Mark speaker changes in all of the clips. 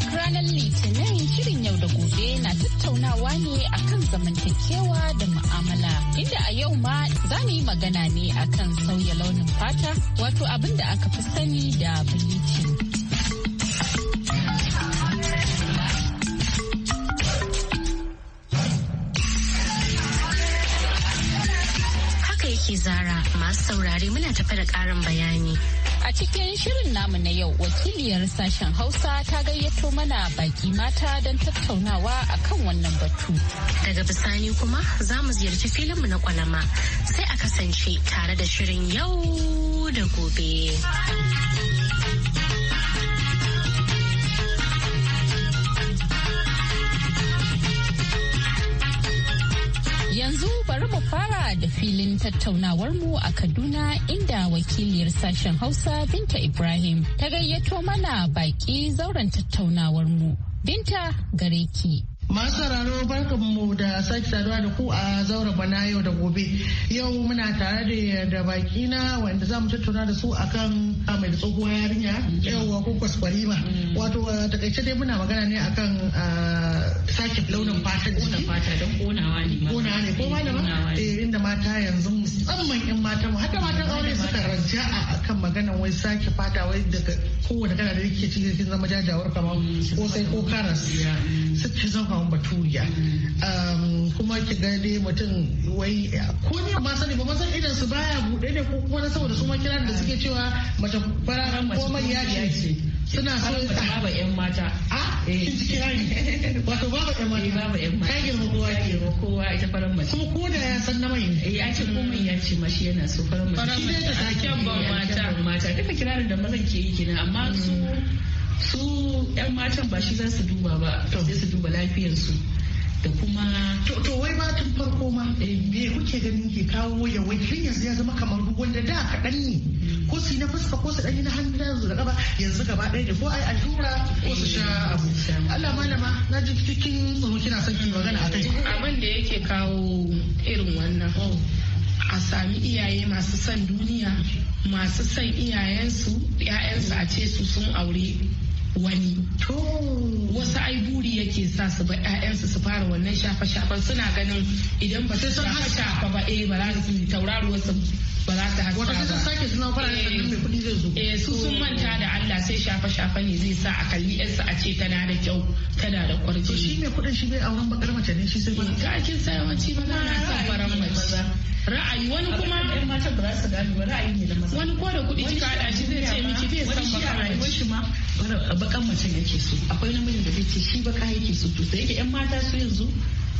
Speaker 1: duk ranar litinin shirin yau da gobe na tattaunawa ne akan zamantakewa da mu'amala inda a yau ma za mu yi magana ne akan sauya launin fata wato abin da aka fi sani da bleaching. Haka yake zara masu saurare muna tafa da ƙarin bayani. A cikin shirin namu na yau wakiliyar sashen Hausa ta gayyato mana baki mata don tattaunawa a kan wannan batu. Daga bisani kuma za mu ziyarci filinmu na kwalama sai a kasance tare da shirin yau da gobe. da filin tattaunawar mu a Kaduna inda wakiliyar sashen Hausa Binta Ibrahim ta gayyato mana baƙi zauren tattaunawar mu Binta gareki. ki.
Speaker 2: Masu sauraro barkanmu da sake saduwa da ku a zaura bana yau da gobe. Yau muna tare da baki na wanda za mu tattauna da su akan a mai da tsohuwa yarinya yawa ko kwaskwarima mm. wato takaice dai muna magana ne akan sake launin fatan jiki fata don konawa ne konawa ne ko eh, malama eh inda mata yanzu musamman in mata mu hatta matan aure suka ranja a kan maganan wai sake fata wai daga kowane kana da yake cikin cikin zama jajawar kama mm. ko sai ko karas mm. zan zama baturiya um, kuma ki ga dai mutum wai ko ne ma sani ba ma san idan su baya buɗe ne ko kuma saboda su ma kiran da suke cewa mace wata fararen komai ya ce suna so ta ba yan mata a ciki hari wato babu yan mata eh, babu yan mata ta girma kowa ya girma kowa ita farar mace kuma ko da ya san na mai eh, ya ce komai ya ce mashi yana so farar mace shi ne ta kyan ban mata mata duka kirarin da mazan ke yi kenan amma hmm. su su yan matan ba shi za su duba ba sai su duba lafiyarsu da kuma to wai ma tun farko ma eh. me kuke ganin ke kawo ya wai yanzu ya zama kamar ruwan da da kaɗan ne ko su na fuska ko su ɗanyi na hannu na yanzu da gaba yanzu gaba ɗaya ne ko ai allura ko su sha abu Allah malama na ji cikin tsoro kina son kin magana a kai abin da yake kawo irin wannan a sami
Speaker 3: iyaye masu son duniya masu son iyayensu 'ya'yansu a ce su sun aure wani to wasu ai buri yake sa su ba ƴaƴansu su fara wannan shafa shafan suna ganin idan ba su shafa shafa ba eh ba za su yi tauraruwar wasu ba za su hasa ba. Wata sai sake suna fara sannan mai kuɗi zai zo. Eh, eh su sun manta da Allah sai shafa shafa ne zai sa a kalli yarsa a ce tana da kyau tana da kwarji. shi mai kuɗin shi bai auren bakar mace ne shi sai ba. Ka kin sa yawanci ba na sa faran mace. Ra'ayi wani kuma ɗan mata
Speaker 2: ba za su gani ba ra'ayi ne da maza. Wani ko da kuɗi kika haɗa shi zai ce miki zai san bakar mace. Wani shi ma bakan mutum yake so akwai namiji da zai ce shi baka yake so to sai da yan mata su yanzu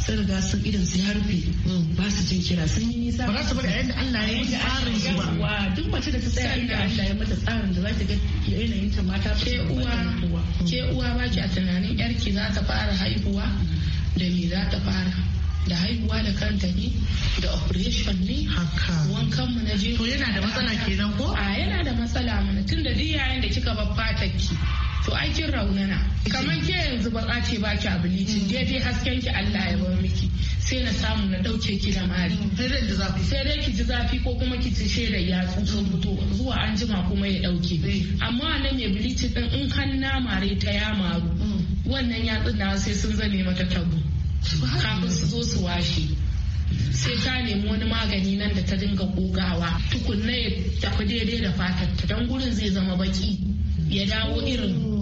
Speaker 2: sun riga sun idan su ya rufe ba su jin kira sun yi nisa ba su bada yadda Allah ya yi tsarin su ba wa duk mace da ta tsaya inda Allah ya mata tsarin da za ta ga yanayin ta
Speaker 3: mata ke uwa ke uwa ba ki a tunanin yarki za ta fara haihuwa da me za ta fara da haihuwa da kanta ne da operation ne haka wankan mu na je to yana da matsala kenan ko a yana da matsala mana tunda duk yayin da kika bar fatar ki to aikin raunana kamar ke yanzu ba baka ce ba ki abilicin daidai hasken ki Allah ya bar miki sai na samu na dauke ki da mari sai dai ki ji zafi ko kuma ki ci shaidar yatsu sun fito zuwa an jima kuma ya dauke amma nan mai bilicin din in kan na mare ta ya maru mm. wannan yatsun na sai sun zame mata tabu kafin su zo su washe sai ta nemi wani magani nan da ta dinga kogawa tukunna ya tafi daidai da fatar ta don gurin zai zama baki ya dawo irin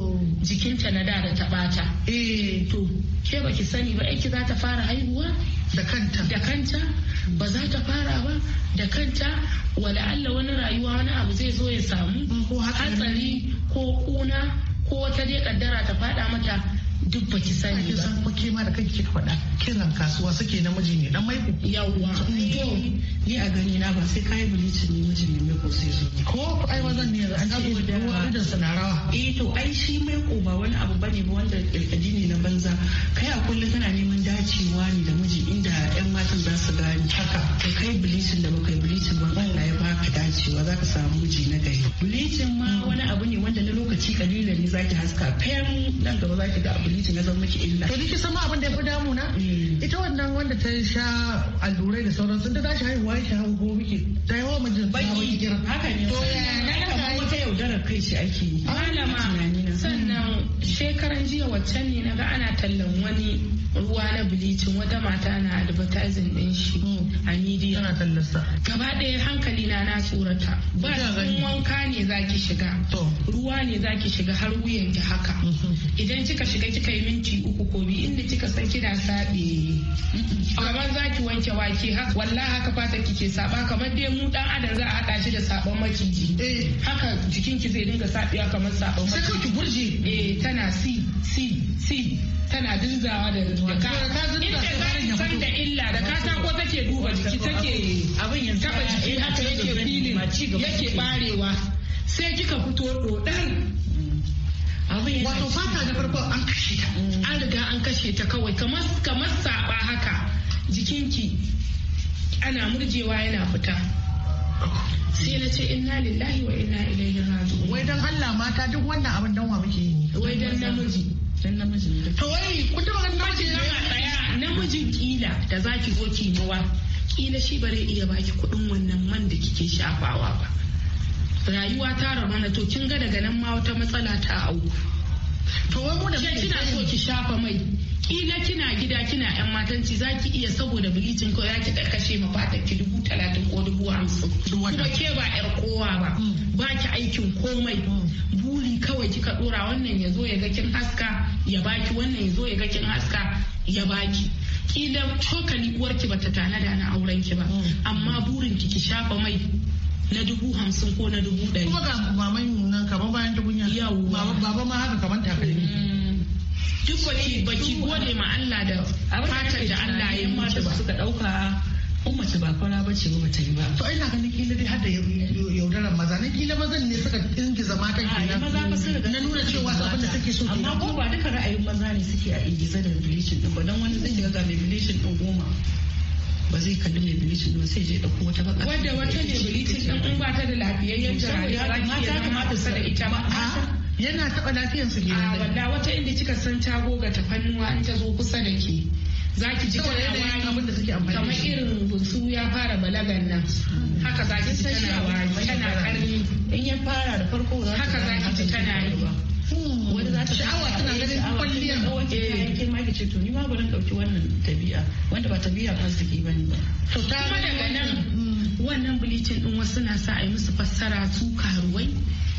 Speaker 3: jikinta na da da ta bata eh to ke ba ki sani ba aiki za ta fara haihuwa da kanta da kanta ba za ta fara ba da kanta wala Allah wani rayuwa wani abu zai zo ya samu ko hatsari ko kuna ko wata dai kaddara ta faɗa mata duk baki sani ba san ke ma da kanki kika
Speaker 2: faɗa kiran kasuwa suke na miji ne dan maiko Ya'u ni a gani na ba sai kai bleach ne miji ne maiko sai zo ko ai zan ne yanzu an ce ruwa da sanarawa eh to ai shi maiko ba wani abu bane ba wanda kirkadi ne na banza kai a kullum kana neman dacewa ne da miji inda yan matan za su gani haka to kai bleaching da baka yi bleaching ba Allah ya baka dacewa za ka samu miji na gari bleaching ma wani abu ne wanda na lokaci kalilan ne zaki haska fem nan gaba zaki ga abu bleaching na zama miki illa to duk sama abin da ya fi damu na hmm. ita wannan wanda ta sha allurai da sauran sun ta tashi haihuwa ya sha haihuwa miki ta yawa mijin ta yawa kiran haka ne to ya na kama ta yaudarar kai shi ake yi malama
Speaker 3: sannan shekaran jiya wacce ne na ga ana tallan wani ruwa na bilicin wata mata na advertising din shi hmm. a media tana tallasta gaba ɗaya hankali na na tsorata ba sun wanka ne zaki shiga ruwa ne zaki shiga har wuyan ki haka mm-hmm. idan kika shiga kika yi minti uku ko biyu inda kika san kina sabe mm-hmm. kamar zaki wanke wake haka wallahi haka fata kike saba kamar dai mu dan adam za a hada shi da sabon maciji eh. haka jikin ki zai dinga sabiya kamar sabon maciji sai ki burje. eh tana si si si tana dinzawa da jaka inda za san da illa da ko take duba jiki take abin taba jiki haka yake filin yake barewa sai kika fito dodar wato fata da farko an kashe ta mm. an riga an kashe ta kawai kamar saba haka jikinki ana murjewa yana fita
Speaker 2: sai na ce inna lillahi wa inna ilaihi raji'un wai dan Allah mata duk wannan abin dan wa muke yi wai dan namiji da to wai ce daya
Speaker 3: namijin kila da zaki zo ki mawa kila shi bare iya baki kuɗin wannan man da kike shafawa ba rayuwa ta ramana to kin ga daga nan ma wata matsala ta auku to wai mu da kina so ki shafa mai kila kina gida kina yan matanci za ki iya saboda bilicin ko zaki ki karkashe ma fatar ki dubu talatin ko dubu hamsin kuma ke ba yar kowa ba hmm. ba ki aikin komai hmm. buri kawai kika dora wannan ya zo ya ga kin haska ya baki wannan ya zo ya ga kin haska ya baki kila cokali uwarki bata tanada na auren ki ba hmm. amma burin ki ki shafa mai na dubu hamsin ko na dubu ɗari. Kuma ga
Speaker 2: maman kaman bayan ta kunya
Speaker 3: tukunya baba ma haka kaman ne. Mm. duk baki baki gode ma Allah da fatar da Allah ya mata suka dauka
Speaker 2: ta ba fara ba ce ba ta yi ba. To ina ganin kila dai hada yaudaran maza ne kila mazan ne suka ingiza matan kenan. maza ba su da na nuna cewa abin da take so Amma ko ba duka ra'ayin maza ne suke a ingiza da bleaching din ba dan wani zai ga mai bleaching din goma. ba zai kalli mai bilicin ba sai je ɗauko wata baka wadda wata ne bilicin ɗin in ba ta da lafiyayyen jari ta kamata sa da ita ba
Speaker 3: yana taɓa lafiyar su ne a wanda wata inda kika san ta goga ta fannuwa an ta zo kusa da ke za ki ji tana wari abin da suke amfani kamar irin busu ya fara balagan nan haka za ki ji tana wari tana karni
Speaker 2: in ya fara da farko za haka za ki ji tana yi ba ta sha'awa tana ganin kwalliyar eh ke ma kice to ni ma bari dauki wannan tabi'a wanda ba tabi'a arziki bane ba to ta kuma daga nan mm. wannan
Speaker 3: bilicin din wasu na sa a yi musu fassara su karuwai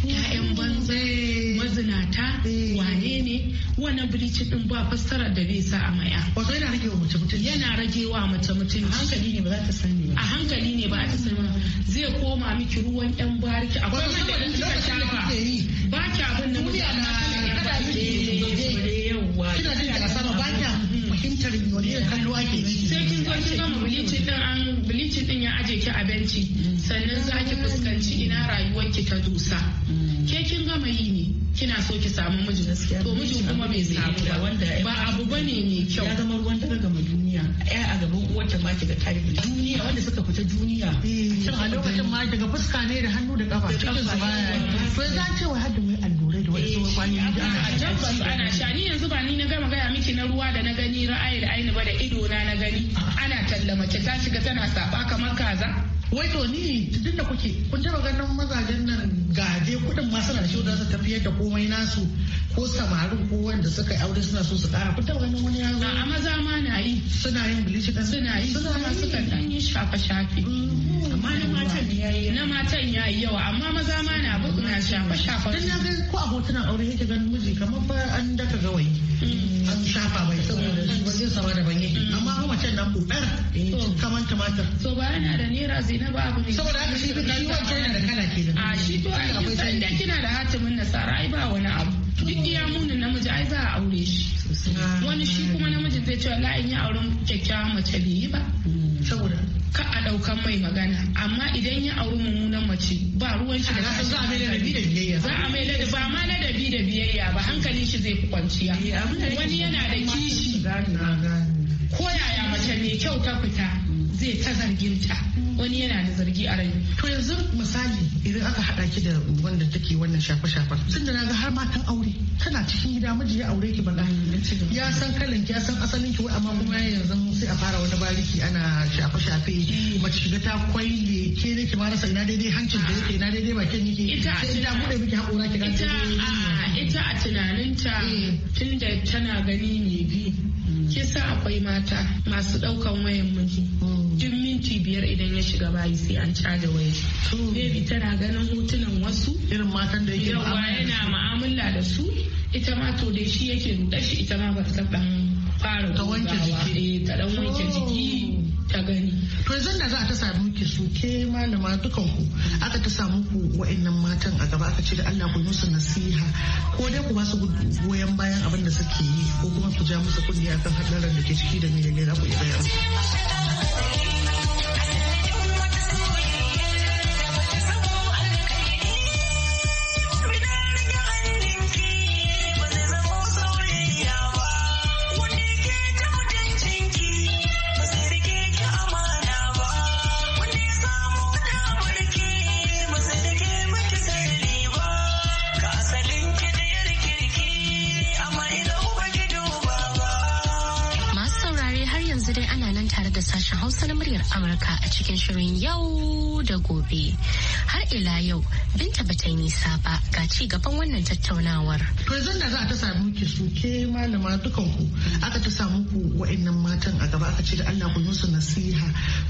Speaker 3: ya'yan banza eh. mazinata eh. wane ne wannan bilicin din ba fassarar da bai sa a maya wato yana rage wa mace mutunci yana rage wa mace mutunci a hankali ne ba za ta sani ba a hankali ne ba za ta sani ba zai koma miki ruwan yan bariki akwai wanda kika shafa ba ki abin da mutane kina jin
Speaker 2: daga sama ba
Speaker 3: fahimtar din ya aje ki a benci sannan za ki fuskanci ina rayuwar ki ta dusa ke kin gama yi ne
Speaker 2: kina so ki samu miji to mijin kuma bai samu ba ba abu bane mai kyau ya zama ruwan daga gama duniya ai a gaban uwarta ma ga kare duniya wanda suka fita duniya shin a lokacin ma daga fuska ne da hannu da kafa cikin su to za ce wa
Speaker 3: ana sha ni yanzu ba ni na gama gaya miki na ruwa da na gani ra'ayi da aini ba da ido na na gani ana talla mace ta shiga tana saba kamar kaza
Speaker 2: wai to ni duk da kuke kun taba ganin mazajen nan gaje kudin ma suna shi za su tafiyar da komai nasu ko samarin ko wanda suka yi aure suna so su kara kun taba ganin wani yaro a maza ma na yi suna yin bilishi suna yi suna suka yi shafe shafe mm. amma na matan yayi na matan yayi yawa amma maza ma na bu na shafa shafa dan na ga ko a aure yake ganin miji kamar ba an daka gawayi mm. an shafa bai saboda shi ba zai sama da banye mm. amma ko macen nan kokar eh, kamar tumatir So ba yana da nera naira ba abu ne saboda haka shi shi wancan yana da kala kenan a shi to ai san da kina da
Speaker 3: hatimin nasara ai ba wani abu duk iya munin namiji ai za a aure shi wani shi kuma namiji zai ce la in yi auren kyakkyawan mace bai yi ba mm. saboda ka a ɗaukan mai magana amma idan ya auri mummunan mace ba ruwan shi da za a mai ladabi da biyayya za a mai da ba ma ladabi da biyayya ba hankali shi zai fi kwanciya eh, wani yana da kishi
Speaker 2: ko yaya mace mai kyau ta fita zai ta zarginta wani yana da zargi a rai to yanzu misali idan aka hada ki da wanda take wannan shafe shafen tunda na ga har matan aure tana cikin gida miji ya aure ki bala ya san kalan ki ya san asalin ki wai amma kuma yanzu sai a fara wani bariki ana shafe shafe mm. mace shiga ta kwaile ke ne ki ma rasa ina daidai hancin da yake ina daidai bakin yake ita a bude miki hakora ki
Speaker 3: ita a tunaninta mm. tunda tana gani ne biyu. kisa akwai mata masu ɗaukan wayan miji duk minti biyar idan ya shiga bayi sai an caja waya baby tana ganin hotunan wasu irin matan da yake yana mu'amala
Speaker 2: da su ita ma to dai shi yake ruɗa shi ita ma ba ta fara ta eh, wanke jiki ta gani to yanzu da za a ta samu ki su ke malama dukan ku aka ta samu ku wa'annan matan a gaba aka ce da Allah ku musu nasiha ko dai ku ba su goyon bayan abin da suke yi ko kuma ku ja musu kudi akan hadarin da ke ciki da me ne za ku bayan bayar
Speaker 1: sashen Hausa na muryar Amurka a cikin shirin yau da gobe. Har ila yau binta bata yi nisa ba ga ci gaban wannan tattaunawar.
Speaker 2: To yanzu da za a ta samu ke su ke malama dukan ku aka ta samu ku wa'annan matan a gaba aka ce da Allah ku musu nasiha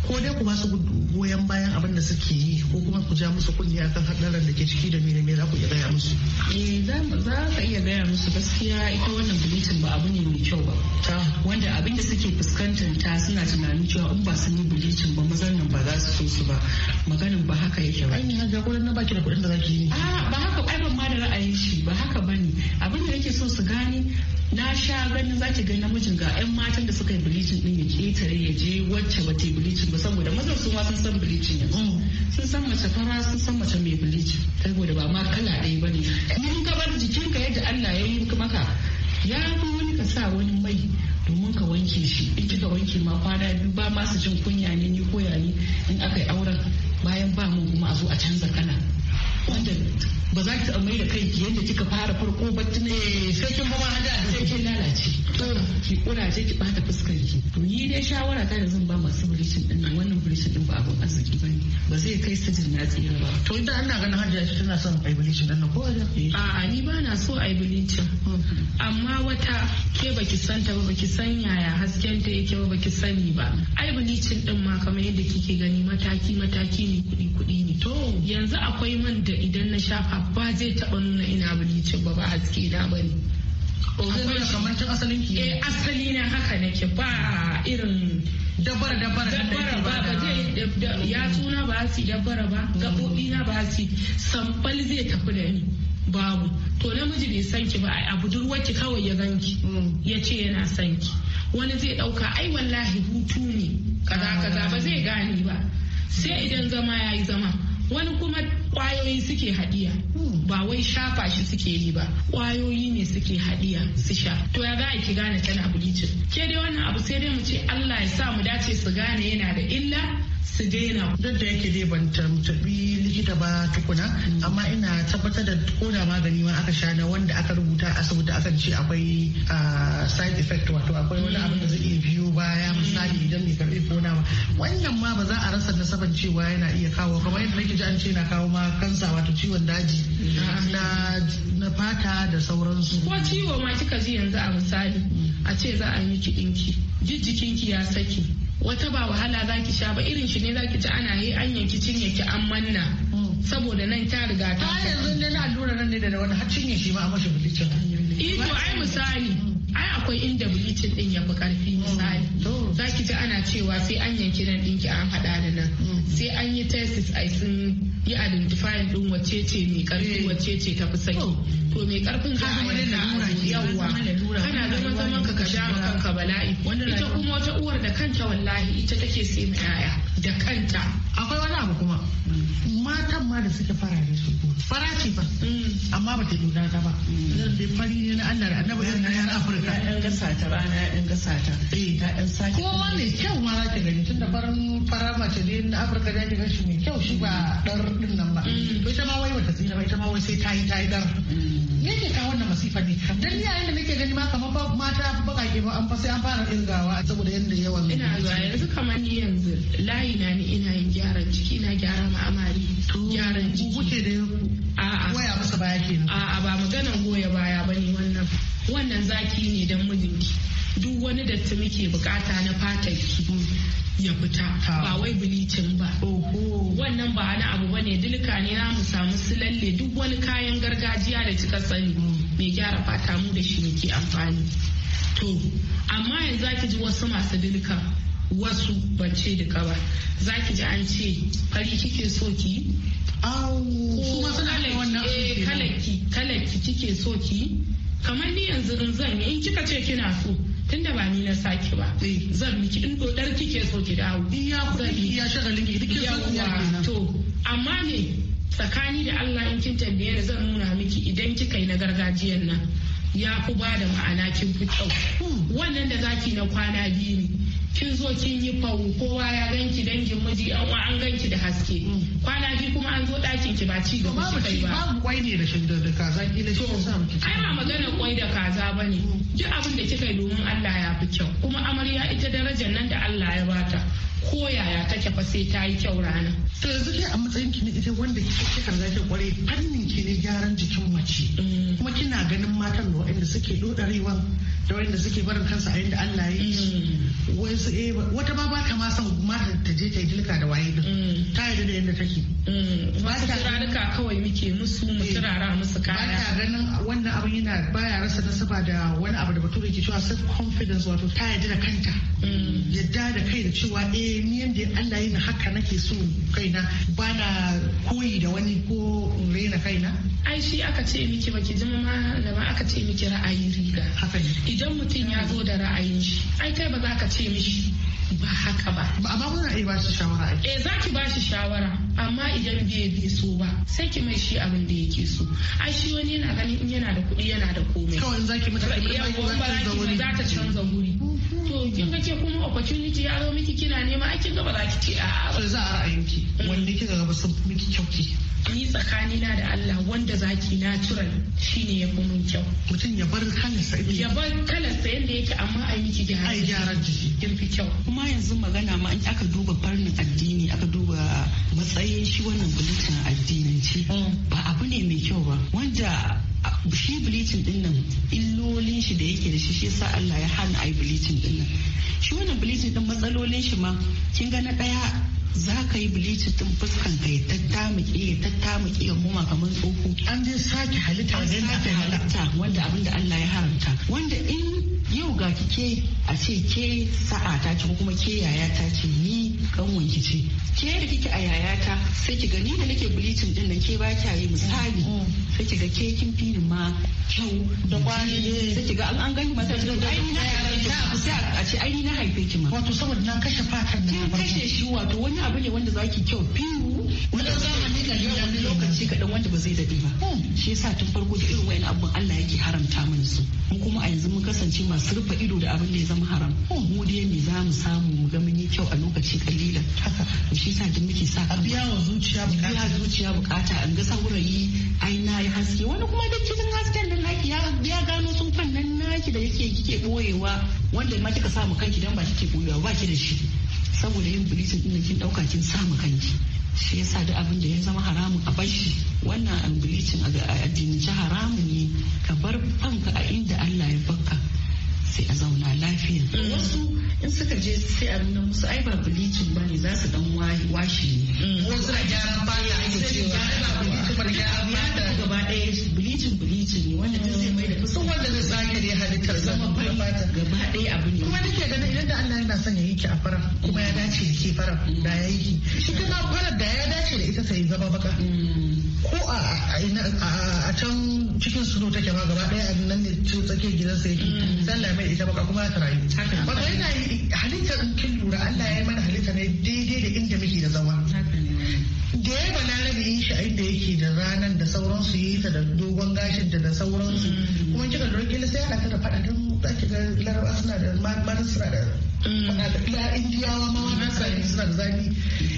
Speaker 2: ko dai ku ba su goyon bayan abin da suke yi ko kuma ku ja musu kunni akan hadarin da ke ciki da mene ne za ku iya gaya musu. Eh za ka iya gaya musu gaskiya ita wannan bulletin ba abu ne mai kyau ba. Wanda abin da suke ta suna tunanin cewa in ba sun yi bilicin ba mazan nan ba za su so su ba maganin ba haka yake ba. Ainihin ga kudin na baki da kuɗin da za ki yi. Ah, ba haka ai ban ma da ra'ayin shi ba haka ba ne abin da yake so su gani na sha ganin za ki ga namijin ga 'yan matan da suka yi bilicin din ya ketare ya je wacce ba ta yi bilicin ba saboda mazan su ma sun san bilicin yanzu. Mm. Sun san mace fara sun san mace mai bilicin saboda ba ma kala ɗaya ba ne. Mun gabar jikinka yadda Allah ya yi maka ya fi wani ka sa wani mai domin ka wanke shi in kika wanke ma kwana biyu ba masu jin kunya ne ni koya ne in aka yi auren bayan ba mu kuma a zo a canza kana wanda ba za ki mai da kai yadda kika fara farko ba tun eh, sai kin ba hada sai kin lalace ki kura je ki bata fuskar ki to ni dai shawara ta da zan ba masu bulicin din nan wannan bulicin din ba abun arziki bane ba zai kai su jin tsira ba to idan ana ganin hajjia shi tana son ai bulicin din nan ko a eh. a ni ba na so
Speaker 3: ai bulicin mm-hmm. amma wata ke baki santa ba baki san yaya hasken ta yake ba baki sani ba ai bulicin din ma kamar yadda kike gani mataki mataki ne kudi kudi ne to yanzu akwai man da idan na shafa ba zai taɓa nuna ina bleaching ba ba haske na ba ne. kamar tun asalin ki? Eh asali na haka nake ba irin dabar dabar dabar ba ba zai ya tuna ba su dabar ba gabobi na ba su mm. sambal zai tafi da ni babu to namiji bai san ki ba a budurwarki kawai ya ganki mm. ya ce yana san ki wani zai dauka ai wallahi hutu ne kaza kaza ba zai gane ba sai idan zama yayi zama wani kuma kwayoyi suke haɗiya. ba wai shafa shi suke yi ba kwayoyi ne suke haɗiya su sha to ya za a ki gane tana bulicin ke dai wannan abu sai dai mu ce Allah ya sa mu dace su gane yana da illa
Speaker 2: su daina duk da yake dai ban tabi likita ba tukuna amma ina tabbatar da koda magani ma aka sha na wanda aka rubuta asibiti aka ce akwai ah, side effect wato akwai wani abin da zai iya biyo baya misali idan mai karbe ko nama. wannan ma ba za a rasa nasaban cewa yana iya kawo kamar yadda nake ji an ce na kawo ma kansa wato ciwon daji na fata da sauransu ko ciwo ma kika ji yanzu a misali a ce za a yi miki dinki
Speaker 3: jijjikinki ya saki wata ba wahala za ki sha ba irin shi ne za ki ci ana yi an yanki cinye ki an manna saboda nan ta riga ta Ta yanzu ne
Speaker 2: na lura nan ne da wani har cinye shi ma a mashi bilicin ito ai misali
Speaker 3: ai akwai inda bilicin din ya fi karfi misali mm. za ki ji ana cewa sai an yanki nan ɗinki an haɗa da nan mm. sai an yi tesis a sun yi identifying ɗin wacce ce mai ƙarfi eh. wacce ce ta fi saki oh. to mai ƙarfin ka a yi yanka yawwa kana zama zaman ka ka a kanka bala'i ita kuma wata uwar da kanta wallahi ita take sai mai 'ya'ya da kanta akwai wani abu kuma
Speaker 2: mm. matan ma da suke fara da su fara ce ba amma ba ta dogara ta ba zan dai fari ne na Allah da annabi irin na yan Afirka ƴan gasa ta rana ƴan gasa ta eh ta yan sake ko wanne kyau ma za ki gani tun da farin fara mace ne na Afirka da ki gashi mai kyau shi ba dar din nan ba to ita ma wai wata tsira ba ita ma wai sai ta yi ta yi dar me ke kawo wannan masifa ne dan yayin da nake gani ma kamar ba mata bakake ba an fa sai an fara irgawa saboda yanda yawan ina zuwa yanzu kamar ni yanzu
Speaker 3: layi na ni ina yin gyaran jiki na gyara ma amari gyaran jiki kuke da a'a goya masa baya kenan a'a ba maganan goya baya ne wannan wannan zaki ne dan mijinki duk wani datti muke bukata na fatar ki ya fita ba wai bilicin ba wannan ba wani abu bane dulka ne na mu samu su lalle duk wani kayan gargajiya da kika sani mm. mai gyara fata mu da shi muke amfani to amma yanzu ki ji wasu masu dilka wasu bace da kaba za ki ji an ce fari kike so ki
Speaker 2: kuma suna da wannan eh, kalaki
Speaker 3: kalaki kike so ki kamar ni yanzu in zan yi in kika ce kina so tunda ba ni na sake ba eh. zan miki in dodar kike so ki dawo iya kuɗi iya shagalin ki duk yawa to amma ne tsakani da Allah in kin tambaye ni zan nuna miki idan kika yi na gargajiyan nan ya ku ba da ma'ana kin fi kyau hmm. wannan da zaki na kwana biyu ne kin zo kin yi fawo kowa ya ganki dangin miji an wa an ganki da haske mm. kwana biyu kuma an zo ɗakin ki ba ci gaba shi kai ba babu kwai ne da shinda da kaza kila shi yasa muke ai magana kwai da kaza bane mm. duk abin da kika yi domin Allah ya fi kyau kuma amarya ita darajar nan da Allah ya bata ko yaya take fa sai ta yi kyau rana
Speaker 2: to yanzu dai a matsayin ki ne ita wanda kike riga ki kware fannin ki ne gyaran jikin mace mm. kuma kina ganin matan da waɗanda suke dodarewa da waɗanda suke barin kansu a yanda Allah ya yi su eh wata ma ba ta ma son mata ta je ta yi dilka da waye din mm. ta yi da yadda take mm. ba ta rarruka kawai muke musu mu turara eh. musu kaya ba ta ganin wannan abin yana baya rasa nasaba da wani abu da bature ke cewa self confidence wato ta yadda da kanta mm. yadda da kai da cewa eh ni yanda Allah na haka nake so kaina bana koyi da wani ko rena kaina ai shi aka ce miki baki ji malama
Speaker 3: aka ce miki ra'ayin riga idan mutum ya zo da ra'ayin shi ai kai ba za ka ce mishi ba haka ba. amma kuna iya bashi shawara ai. Eh za ki bashi shawara amma idan bai bai so ba sai ki mai shi abin da yake so. Ai shi wani yana ganin in yana da kuɗi yana da komai. Kawai za ki mata za ta canza wuri. to kin ga ce kuma opportunity ya zo miki kina nema ai kin ga ba za ki ce a ba za a
Speaker 2: ra'ayinki mm. wanda
Speaker 3: kika ga sun fi miki kyau ki ni tsakanina da Allah wanda zaki natural shine ya fi mun kyau
Speaker 2: mutum ya bar kalarsa ya bar
Speaker 3: kalarsa yadda yake amma a yi miki gyara ai gyaran
Speaker 2: jiki kin fi kyau kuma yanzu magana ma in aka duba farnin addini aka duba matsayin shi wannan bulletin ci mm. ba abu ne mai kyau ba wanda shi bleaching din nan illolin shi da yake da shi shi sa Allah ya hana ai bleaching din nan shi wannan bleaching din matsalolin shi ma kin ga na daya za ka yi bleaching din fuskan ka ya tattamuke ya tattamuke ya koma kamar tsoho an dai sake halitta na sake halitta wanda abin da Allah ya haramta wanda in yau ga kike a ce ke sa'a ta ce kuma ke yaya ta ce ni kanwanki ce ke da kike a yayata sai ki gani da nake bleaching din nan ke ba kya yi misali sai ki ga ke kin ma kyau da kwani eh. sai ki ga an gani masa sai ki na ai sai a ce ai na haife ki ma wato saboda na kashe fatan na kashe shi wato wani abu ne wanda zaki kyau fini wani zamani wani lokaci kaɗan wanda ba zai dade ba shi yasa tun farko da irin wayan abun Allah yake haramta mana su mu kuma a yanzu mun kasance masu rufe ido da abin da ya zama haram mu dai me za mu samu mu ga mun yi kyau a lokaci kalilan haka shi yasa duk muke sa a biya wa zuciya bukata biya zuciya bukata an ga saurayi ai na yi haske wani kuma duk cikin hasken da naki ya gano sun fannan naki da yake kike boyewa wanda ma kika sa kanki dan ba kike boyewa ba ki da shi saboda yin bulletin din kin ɗauka kin sa kanki shi yasa da abin da ya zama haramun a bashi wannan ambilicin a addinin haramun ne ka bar fanka a inda Allah sai a zauna lafiya wasu in suka je sai a nuna musu ai ba bilicin ba ne za su dan washe ne mm. wasu a gyaran baya ake cewa gaba ɗaya bilicin bilicin ne wanda ta zai mai da kusan wanda zai sake ya halittar zama bai gaba ɗaya abu ne kuma nake ganin idan da Allah yana son ya yi a fara kuma ya dace da ke fara da ya yi ki shi kana fara da ya dace da ita sai zama baka mm. ko a can cikin suno take ma gaba daya a nan ne tsakiyar sa yake mm. sallah mai ita baka kuma ta rayu baka yana halitta in kin lura Allah ya yi mana halitta ne daidai da inda muke da zama da ya balarabe yin shi a inda yake da ranar da sauransu yi ta da dogon gashin da da sauransu mm. kuma kika lura kila sai ana ta da faɗa don za ga laraba suna da mata da faɗaɗa indiyawa ma wannan sani suna da zafi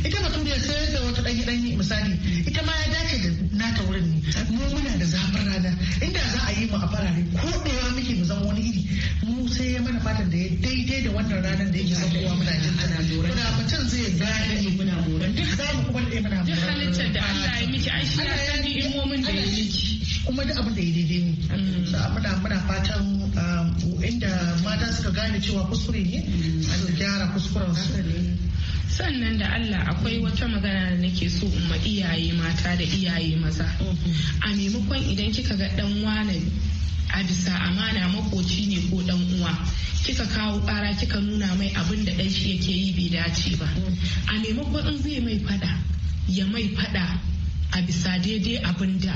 Speaker 2: ita ba baturiya sai da wata ɗanyi ɗanyi misali ita ma ya dace da nata wurin ne mu muna da zafin rana inda za a yi mu a farare ko ɗaya muke mu zama wani iri mu sai ya mana fatan da ya daidai da wannan ranar da yake saukowa muna jin ana lura muna mutum zai gane muna lura duk za mu kuma ɗaya muna lura duk halittar da Allah ya miki ai shi ya sani in mu mun da ya miki kuma da abin da ya daidai ne mm. muna muna fatan um, inda mata suka gane cewa kuskure ne a da gyara kuskuren su
Speaker 3: sannan da Allah akwai wata magana da nake so in ma iyaye mata da iyaye maza mm-hmm. a maimakon idan kika ga dan wane a bisa amana makoci ne ko dan uwa kika kawo kara kika nuna mai abin da dan shi yake yi bai dace ba mm-hmm. a maimakon in zai mai fada ya mai fada a bisa daidai abin da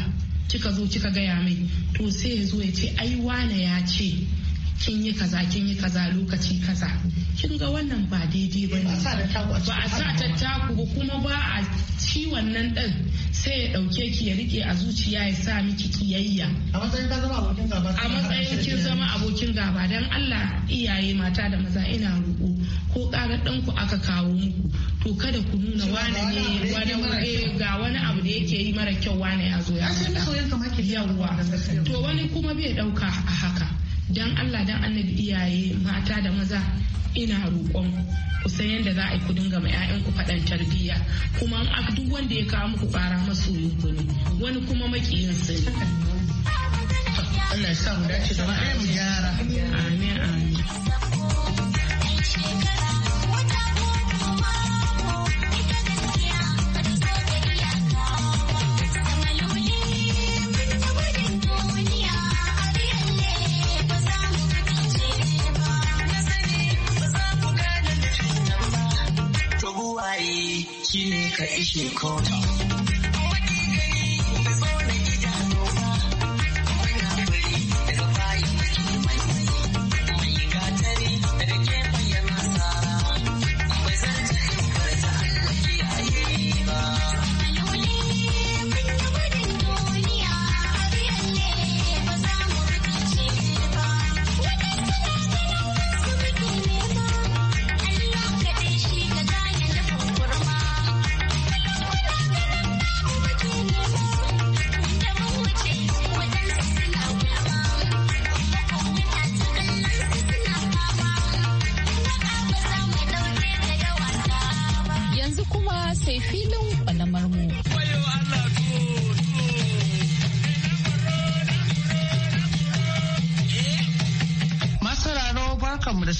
Speaker 3: kika zo kika gaya mai to sai ya zo ya ce ai wane ya ce kin yi kaza kin yi kaza lokaci kaza kin ga wannan ba daidai ba ba a sa tattaku ba kuma ba a ci wannan din sai ya dauke ki ya rike a zuciya ya sa miki kiyayya a matsayin kin zama abokin gaba dan Allah iyaye mata da maza ina roƙo ko ƙara ɗanku aka kawo muku to kada ku nuna wane ne wani eh, ga wani abu da yake yi mara kyau wane ya zo ya to wani kuma bai dauka a haka dan Allah dan annabi iyaye mata da maza ina roƙon ku san yadda za a yi ku dinga ma 'ya'yanku faɗan tarbiyya kuma duk wanda ya kawo muku ƙara masoyin ku ne wani kuma makiyin su ne. Allah
Speaker 2: she called.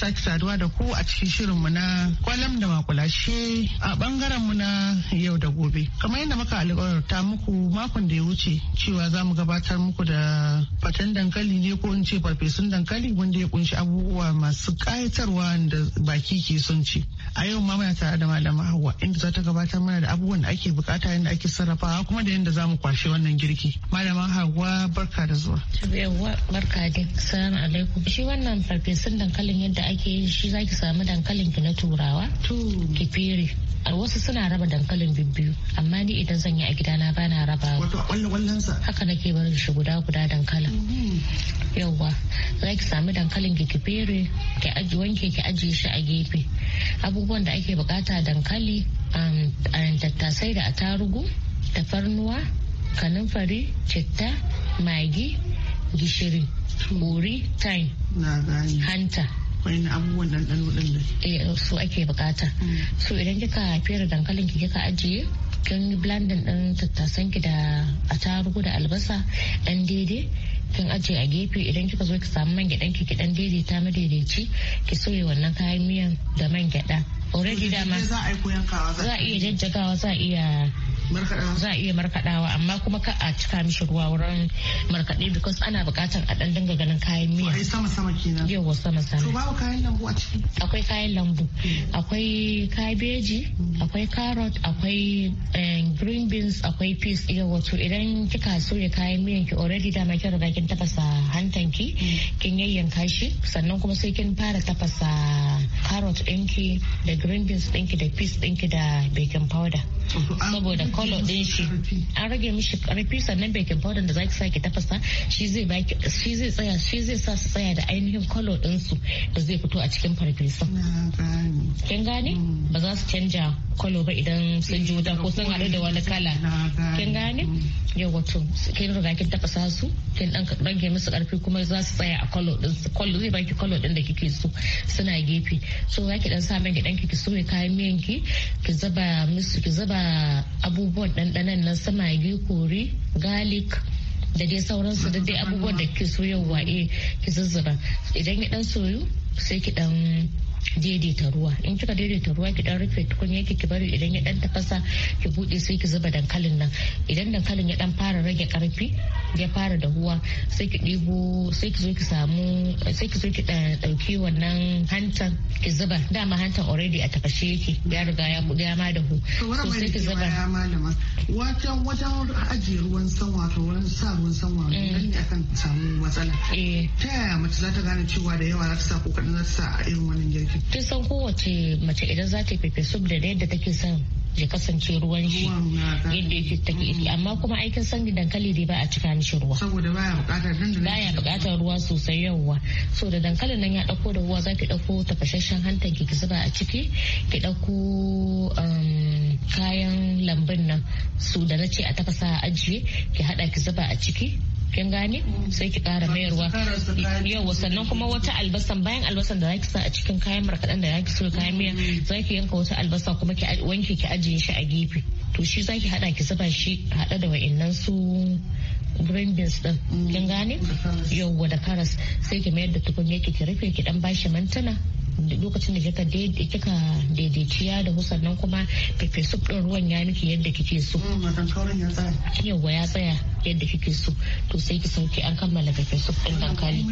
Speaker 2: sake saduwa da ku a cikin shirin mu na kwalam da makulashe a bangaren mu na yau da gobe. Kamar yadda muka alƙawarta muku makon da ya wuce cewa za mu gabatar muku da faten dankali ne ko in ce farfesun dankali wanda ya kunshi abubuwa masu ƙayatarwa da baki ke son ci. a yau ma muna tare da malama hawa inda za ta gabatar mana da abubuwan da ake bukata yadda ake sarrafawa kuma da yadda za mu kwashe wannan girki malama hawa barka da zuwa
Speaker 1: yawwa barka da salamu alaikum shi wannan farfesun dankalin yadda ake yin shi zaki samu dankalin ki na turawa ki fere a wasu suna raba dankalin bibbiyu amma ni idan zan yi a gidana na bana raba wato wallan sa haka nake barin shi guda guda dankalin mm-hmm. yawwa zaki samu dankalin ki ki fere ki aji wanke ki aji shi a gefe abu abubuwan da ake bukata dankali um, um, tattasai da atarugu tafarnuwa kanumfari citta magi gishiri bori time hanta wani abubuwan ɗanɗano ɗin eh su ake bukata mm. so idan kika fere dankalin ki kika ajiye kin yi blandin ɗin tattasan da atarugu da albasa ɗan daidai kin ajiye a gefe idan kika zo ki samu man gyaɗan ki dan daidaita madaidaici ki soya wannan kayan miyan da man gyaɗa already dama za
Speaker 3: a iya jajjagawa
Speaker 1: za a iya za a iya markaɗawa amma kuma ka a cika mishi ruwa wurin markaɗe because ana buƙatar a ɗan dinga ganin kayan miya. sama sama kenan. wa sama sama. To babu
Speaker 2: kayan lambu a ciki.
Speaker 1: Akwai kayan lambu. Hmm. Akwai kabeji, hmm. akwai carrot, akwai eh, green beans, akwai peas yawwa to idan kika soya kayan miyan ki already da ma riga kin tafasa hantan ki hmm. kin yayyanka shi sannan kuma sai kin fara tafasa carrot ɗinki da green beans ɗinki da peas ɗinki da baking powder. saboda kolo din shi an rage mishi karfi sannan ke bodin da zaki sake tafasa shi zai baki shi zai tsaya shi zai sa su tsaya da ainihin kolo din su da zai fito a cikin farfesun kin gane hmm. ba za su canja kolo ba idan sun juta ko sun haɗu da wani kala kin gane hmm. yau wato kin riga kin tafasa su kin dan rage musu karfi kuma za su tsaya a kolo din su kolo zai baki kolo din da kike so suna gefe so zaki dan sa mai dan kike so kayan miyan ki ki zaba musu ki zaba raba abubuwan ɗanɗanan nan su magi kori garlic da dai sauransu da dai abubuwan da ke soyawa eh ki zazzaba idan ya dan soyu sai ki dan daidaita ruwa in kika daidaita ruwa ki dan rufe tukunya ki ki bari idan ya dan tafasa ki bude sai ki zuba dankalin nan idan dankalin ya dan fara rage karfi ya fara dahuwa sai ki ɗibo sai ki zo ki samu sai ki zo ki ɗauki wannan hantan ki zuba dama hantan already a tafashe yake ya riga ya bude ya ma da hu sai ki zuba
Speaker 2: wata wata ajiye ruwan san wato wurin sa ruwan san wato nan mm. ne akan samu matsala eh. ta yaya mace za ta gane cewa da yawa za ta sa ko kaɗan za ta sa a irin wannan girki Tun san kowace
Speaker 1: mace idan za ta fefe soup da yadda take son ya kasance ruwan shi yadda yake take mm. amma kuma aikin san dankali dai ba a cika mishi ruwa saboda baya bukatar baya bukatar ruwa sosai yawa so da dankalin nan ya dauko da ruwa zaki dauko tafashashen hantan ki zuba a ciki ki dauko um, kayan lambun nan su da na ce a tafasa a ajiye ki hada ki zuba a ciki kin gane mm. sai ki kara mayarwa yau sannan kuma wata albasan bayan albasan da zaki sa a cikin kayan markaɗen da zaki so kayan miya mm. zaki yanka wata albasa kuma ki wanke ki ajiye shi a gefe to shi zaki hada ki zuba shi hada da wa'annan su green beans din mm. kin gane yawwa da karas sai ki mayar da tukunya ki ki rufe ki dan bashi mantana lokacin da kika kika daidaiciya da sannan kuma pepe soup din ruwan ya miki yadda kike so yawwa mm, ya tsaya yadda kike so to sai ki sauke an kammala gafe su din dankali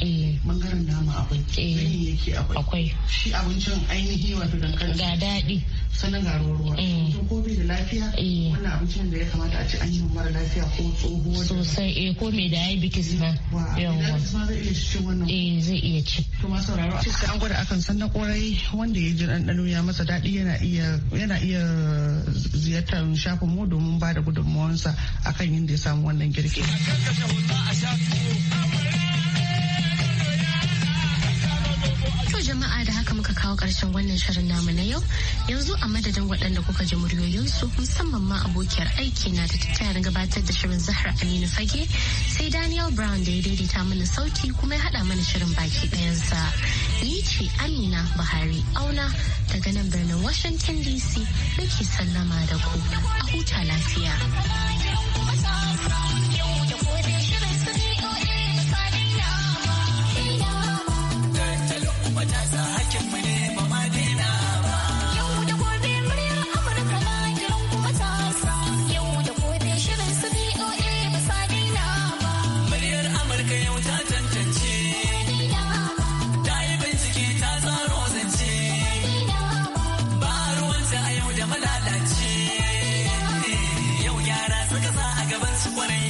Speaker 2: eh bangaren dama akwai eh akwai shi abincin ainihi wato dankali ga daɗi sannan ga ruwa ruwa eh. ko bai da lafiya eh. wannan abincin da ya kamata a ci an yi mara lafiya ko tsoho sosai eh ko
Speaker 1: mai diabetes na yawa
Speaker 2: eh zai iya ci to ma sauraro a cikin an gwada akan san na kwarai wanda ya ji ɗanɗano ya masa daɗi yana iya yana iya ziyartar shafin mu domin ba da gudunmawansa akan akan yadda ya samu wannan girki.
Speaker 1: jama'a da haka muka kawo ƙarshen wannan shirin namu na yau yanzu a madadin waɗanda kuka ji muryoyinsu musamman ma abokiyar aiki na da tattayar gabatar da shirin zahra aminu fage sai daniel brown da ya daidaita mana sauti kuma ya haɗa mana shirin baki ɗayansa ni ce amina buhari auna daga nan birnin washington dc nake sallama da ku a huta lafiya. Brown.
Speaker 2: What